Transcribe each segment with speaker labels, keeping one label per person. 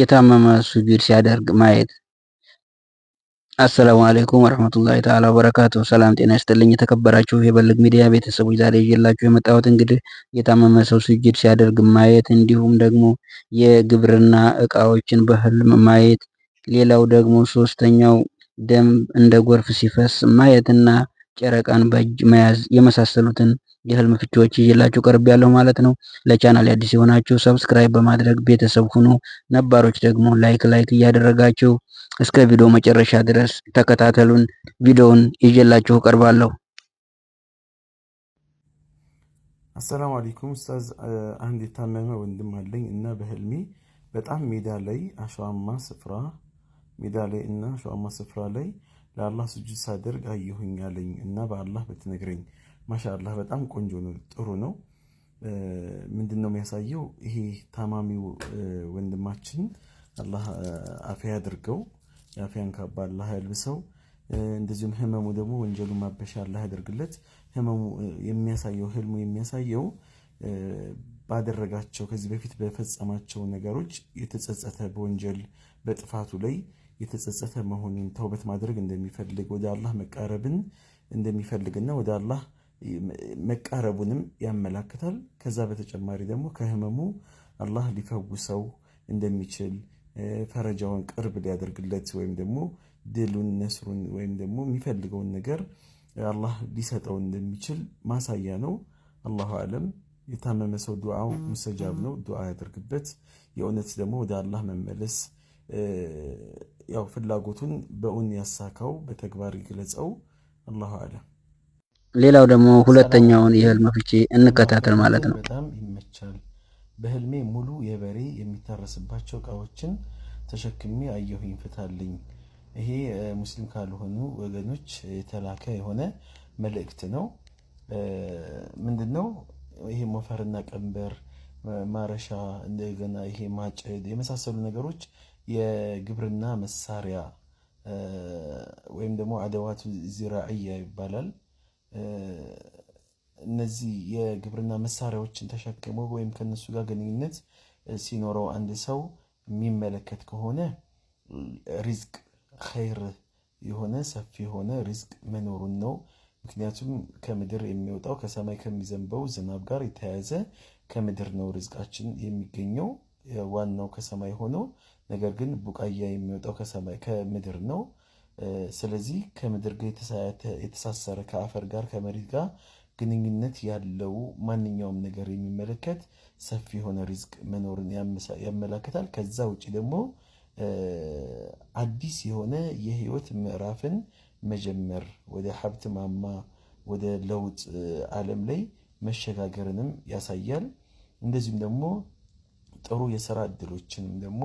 Speaker 1: የታመመ ሱጁድ ሲያደርግ ማየት። አሰላሙ አለይኩም ወራህመቱላሂ ተዓላ ወበረካቱ። ሰላም ጤና ይስጥልኝ የተከበራችሁ የበልግ ሚዲያ ቤተሰቦች፣ ዛሬ ይዤላችሁ የመጣሁት እንግዲህ የታመመ ሰው ሱጁድ ሲያደርግ ማየት፣ እንዲሁም ደግሞ የግብርና እቃዎችን በህልም ማየት፣ ሌላው ደግሞ ሶስተኛው ደም እንደ ጎርፍ ሲፈስ ማየትና ጨረቃን በእጅ መያዝ የመሳሰሉትን የህልም ፍቺዎች ይዤላችሁ ቀርብ ያለው ማለት ነው። ለቻናል አዲስ የሆናችሁ ሰብስክራይብ በማድረግ ቤተሰብ ሁኑ። ነባሮች ደግሞ ላይክ ላይክ እያደረጋችሁ እስከ ቪዲዮ መጨረሻ ድረስ ተከታተሉን። ቪዲዮውን ይዤላችሁ ቀርባለሁ።
Speaker 2: አሰላሙ አለይኩም ኡስታዝ፣ አንድ የታመመ ወንድም አለኝ እና በህልሜ በጣም ሜዳ ላይ አሸዋማ ስፍራ ሜዳ ላይ እና አሸዋማ ስፍራ ላይ ለአላህ ስጁድ ሳደርግ አየሁኝ አለኝ እና በአላህ በትነግረኝ ማሻላህ በጣም ቆንጆ ነው፣ ጥሩ ነው። ምንድን ነው የሚያሳየው? ይሄ ታማሚው ወንድማችን አላህ አፊያ አድርገው፣ የአፊያን ካባ አላህ ያልብሰው። እንደዚሁም ህመሙ ደግሞ ወንጀሉ ማበሻ አላህ ያደርግለት። ህመሙ የሚያሳየው ህልሙ የሚያሳየው ባደረጋቸው ከዚህ በፊት በፈጸማቸው ነገሮች የተጸጸተ በወንጀል በጥፋቱ ላይ የተጸጸተ መሆኑን ተውበት ማድረግ እንደሚፈልግ ወደ አላህ መቃረብን እንደሚፈልግና ወደ አላህ መቃረቡንም ያመላክታል። ከዛ በተጨማሪ ደግሞ ከህመሙ አላህ ሊፈውሰው እንደሚችል ፈረጃውን ቅርብ ሊያደርግለት ወይም ደግሞ ድሉን፣ ነስሩን ወይም ደግሞ የሚፈልገውን ነገር አላህ ሊሰጠው እንደሚችል ማሳያ ነው። አላሁ አለም። የታመመ ሰው ዱዓው ሙስተጃብ ነው። ዱዓ ያደርግበት። የእውነት ደግሞ ወደ አላህ መመለስ ያው ፍላጎቱን በእውን ያሳካው፣ በተግባር ይግለጸው። አላሁ አለም።
Speaker 1: ሌላው ደግሞ ሁለተኛውን የህልም ፍቺ እንከታተል ማለት ነው።
Speaker 2: በጣም ይመቻል። በህልሜ ሙሉ የበሬ የሚታረስባቸው እቃዎችን ተሸክሜ አየሁኝ፣ ፍታልኝ። ይሄ ሙስሊም ካልሆኑ ወገኖች የተላከ የሆነ መልእክት ነው። ምንድን ነው ይሄ? ሞፈርና ቀንበር ማረሻ፣ እንደገና ይሄ ማጭድ የመሳሰሉ ነገሮች የግብርና መሳሪያ ወይም ደግሞ አደዋቱ ዚራዕያ ይባላል። እነዚህ የግብርና መሳሪያዎችን ተሸክሞ ወይም ከነሱ ጋር ግንኙነት ሲኖረው አንድ ሰው የሚመለከት ከሆነ ሪዝቅ ኸይር የሆነ ሰፊ የሆነ ሪዝቅ መኖሩን ነው። ምክንያቱም ከምድር የሚወጣው ከሰማይ ከሚዘንበው ዝናብ ጋር የተያያዘ ከምድር ነው ሪዝቃችን የሚገኘው ዋናው ከሰማይ ሆኖ፣ ነገር ግን ቡቃያ የሚወጣው ከምድር ነው። ስለዚህ ከምድር ጋር የተሳሰረ ከአፈር ጋር ከመሬት ጋር ግንኙነት ያለው ማንኛውም ነገር የሚመለከት ሰፊ የሆነ ሪዝቅ መኖርን ያመላክታል። ከዛ ውጭ ደግሞ አዲስ የሆነ የህይወት ምዕራፍን መጀመር ወደ ሀብት ማማ ወደ ለውጥ ዓለም ላይ መሸጋገርንም ያሳያል። እንደዚሁም ደግሞ ጥሩ የስራ እድሎችንም ደግሞ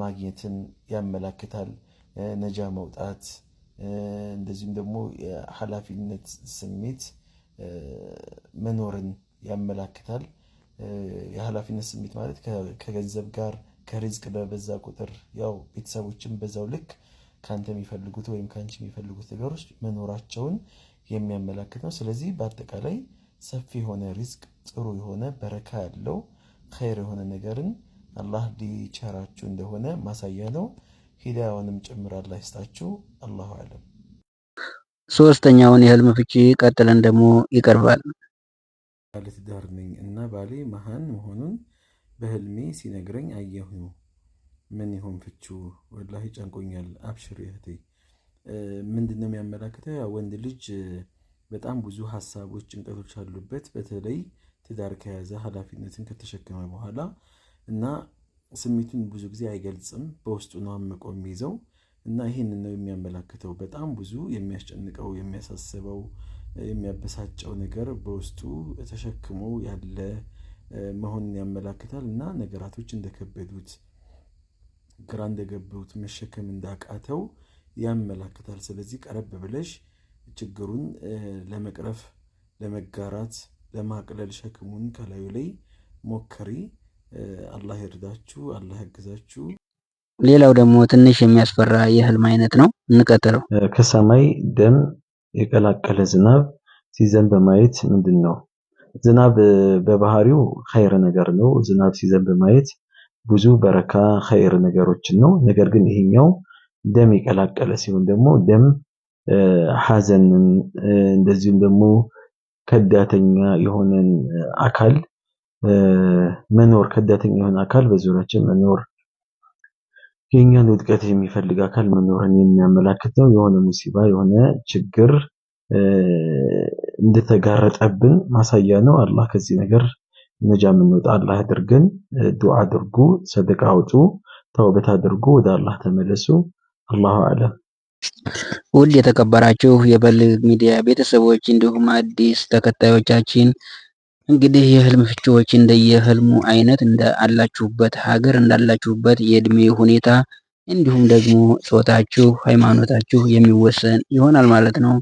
Speaker 2: ማግኘትን ያመላክታል። ነጃ መውጣት እንደዚሁም ደግሞ የኃላፊነት ስሜት መኖርን ያመላክታል። የኃላፊነት ስሜት ማለት ከገንዘብ ጋር ከሪዝቅ በበዛ ቁጥር ያው ቤተሰቦችን በዛው ልክ ከአንተ የሚፈልጉት ወይም ከአንቺ የሚፈልጉት ነገሮች መኖራቸውን የሚያመላክት ነው። ስለዚህ በአጠቃላይ ሰፊ የሆነ ሪዝቅ፣ ጥሩ የሆነ በረካ ያለው ኸይር የሆነ ነገርን አላህ ሊቸራችሁ እንደሆነ ማሳያ ነው። ሂዳያውንም ጭምር አላህ ይስጣችሁ። አላሁ አለም።
Speaker 1: ሶስተኛውን የህልም ፍቺ ቀጥለን ደግሞ ይቀርባል።
Speaker 2: ባለትዳር ነኝ እና ባሌ መሀን መሆኑን በህልሜ ሲነግረኝ አየሁ። ምን ይሆን ፍቺው? ወላሂ ጨንቆኛል። አብሽር እህቴ። ምንድን ነው የሚያመላክተው? ወንድ ልጅ በጣም ብዙ ሀሳቦች፣ ጭንቀቶች አሉበት። በተለይ ትዳር ከያዘ ኃላፊነትን ከተሸከመ በኋላ እና ስሜቱን ብዙ ጊዜ አይገልጽም። በውስጡ ነው አምቆ የሚይዘው እና ይህንን ነው የሚያመላክተው። በጣም ብዙ የሚያስጨንቀው፣ የሚያሳስበው፣ የሚያበሳጨው ነገር በውስጡ ተሸክሞ ያለ መሆኑን ያመላክታል እና ነገራቶች እንደከበዱት፣ ግራ እንደገቡት፣ መሸከም እንዳቃተው ያመላክታል። ስለዚህ ቀረብ ብለሽ ችግሩን ለመቅረፍ፣ ለመጋራት፣ ለማቅለል ሸክሙን ከላዩ ላይ ሞከሪ። አላህ ይርዳችሁ፣ አላህ ያግዛችሁ።
Speaker 1: ሌላው ደግሞ ትንሽ የሚያስፈራ የህልም አይነት ነው። እንቀጥለው።
Speaker 2: ከሰማይ ደም የቀላቀለ ዝናብ ሲዘንብ ማየት ምንድን ነው? ዝናብ በባህሪው ኸይር ነገር ነው። ዝናብ ሲዘንብ ማየት ብዙ በረካ ኸይር ነገሮችን ነው። ነገር ግን ይሄኛው ደም የቀላቀለ ሲሆን ደግሞ ደም ሐዘንን እንደዚሁም ደግሞ ከዳተኛ የሆነን አካል መኖር ከዳተኛ የሆነ አካል በዙሪያችን መኖር የኛን ውድቀት የሚፈልግ አካል መኖርን የሚያመላክት ነው። የሆነ ሙሲባ፣ የሆነ ችግር እንደተጋረጠብን ማሳያ ነው። አላህ ከዚህ ነገር ነጃ የምንወጣ አላህ ያድርገን። ዱዓ አድርጉ፣ ሰደቃ አውጡ፣ ተውበት አድርጉ፣ ወደ አላህ ተመለሱ። አላሁ አለም።
Speaker 1: ውድ የተከበራችሁ የበልግ ሚዲያ ቤተሰቦች እንዲሁም አዲስ ተከታዮቻችን እንግዲህ የህልም ፍቺዎች እንደየህልሙ አይነት አላችሁበት ሀገር እንዳላችሁበት የእድሜ ሁኔታ እንዲሁም ደግሞ ጾታችሁ፣ ሃይማኖታችሁ የሚወሰን ይሆናል ማለት ነው።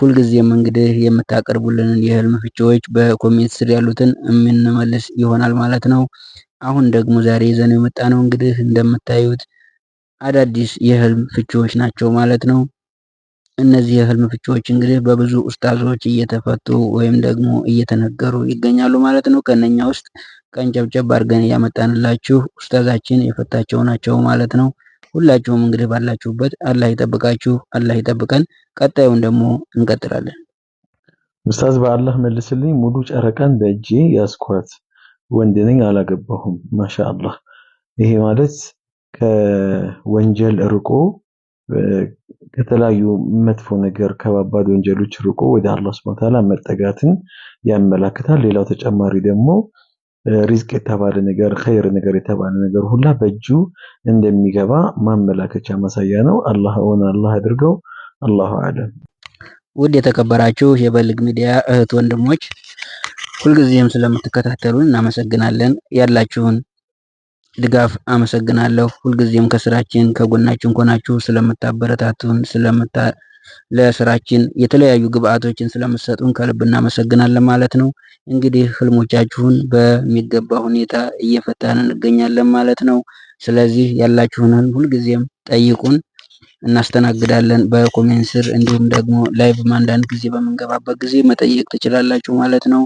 Speaker 1: ሁልጊዜም እንግዲህ የምታቀርቡልንን የህልም ፍቺዎች በኮሜንት ስር ያሉትን የምንመልስ ይሆናል ማለት ነው። አሁን ደግሞ ዛሬ ይዘን የመጣ ነው እንግዲህ እንደምታዩት አዳዲስ የህልም ፍቺዎች ናቸው ማለት ነው። እነዚህ የህልም ፍቺዎች እንግዲህ በብዙ ኡስታዞች እየተፈቱ ወይም ደግሞ እየተነገሩ ይገኛሉ ማለት ነው። ከነኛ ውስጥ ቀን ጨብጨብ አድርገን እያመጣንላችሁ ኡስታዛችን የፈታቸው ናቸው ማለት ነው። ሁላችሁም እንግዲህ ባላችሁበት አላህ ይጠብቃችሁ፣ አላህ ይጠብቀን። ቀጣዩን ደግሞ እንቀጥላለን።
Speaker 2: ኡስታዝ በአላህ መልስልኝ፣ ሙሉ ጨረቃን በእጄ ያስኳት ወንድ ነኝ አላገባሁም። ማሻአላህ። ይሄ ማለት ከወንጀል ርቆ ከተለያዩ መጥፎ ነገር ከባባድ ወንጀሎች ርቆ ወደ አላህ ሱብሐነሁ ወተዓላ መጠጋትን ያመላክታል። ሌላው ተጨማሪ ደግሞ ሪዝቅ የተባለ ነገር ኸይር ነገር የተባለ ነገር ሁላ በእጁ እንደሚገባ ማመላከቻ ማሳያ ነው። አላህ ሆነ አላህ አድርገው። አላሁ አለም።
Speaker 1: ውድ የተከበራችሁ የበልግ ሚዲያ እህት ወንድሞች ሁልጊዜም ስለምትከታተሉን እናመሰግናለን። ያላችሁን ድጋፍ አመሰግናለሁ። ሁልጊዜም ከስራችን ከጎናችን ሆናችሁ ስለምታበረታቱን፣ ስለምታ ለስራችን የተለያዩ ግብአቶችን ስለምሰጡን ከልብ እናመሰግናለን ማለት ነው። እንግዲህ ህልሞቻችሁን በሚገባ ሁኔታ እየፈታን እንገኛለን ማለት ነው። ስለዚህ ያላችሁንን ሁልጊዜም ጠይቁን፣ እናስተናግዳለን በኮሜንት ስር። እንዲሁም ደግሞ ላይቭ አንዳንድ ጊዜ በምንገባበት ጊዜ መጠየቅ ትችላላችሁ ማለት ነው።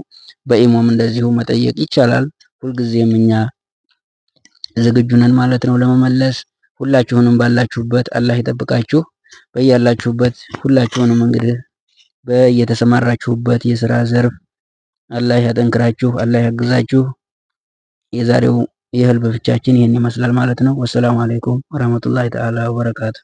Speaker 1: በኢሞም እንደዚሁ መጠየቅ ይቻላል። ሁልጊዜም እኛ ዝግጁ ነን ማለት ነው ለመመለስ። ሁላችሁንም ባላችሁበት አላህ ይጠብቃችሁ። በያላችሁበት ሁላችሁንም እንግዲህ በየተሰማራችሁበት የስራ ዘርፍ አላህ ያጠንክራችሁ፣ አላህ ያግዛችሁ። የዛሬው የህልብ ፍቻችን ይህን ይመስላል ማለት ነው። ወሰላሙ አለይኩም ወራህመቱላሂ ተዓላ ወበረካቱ።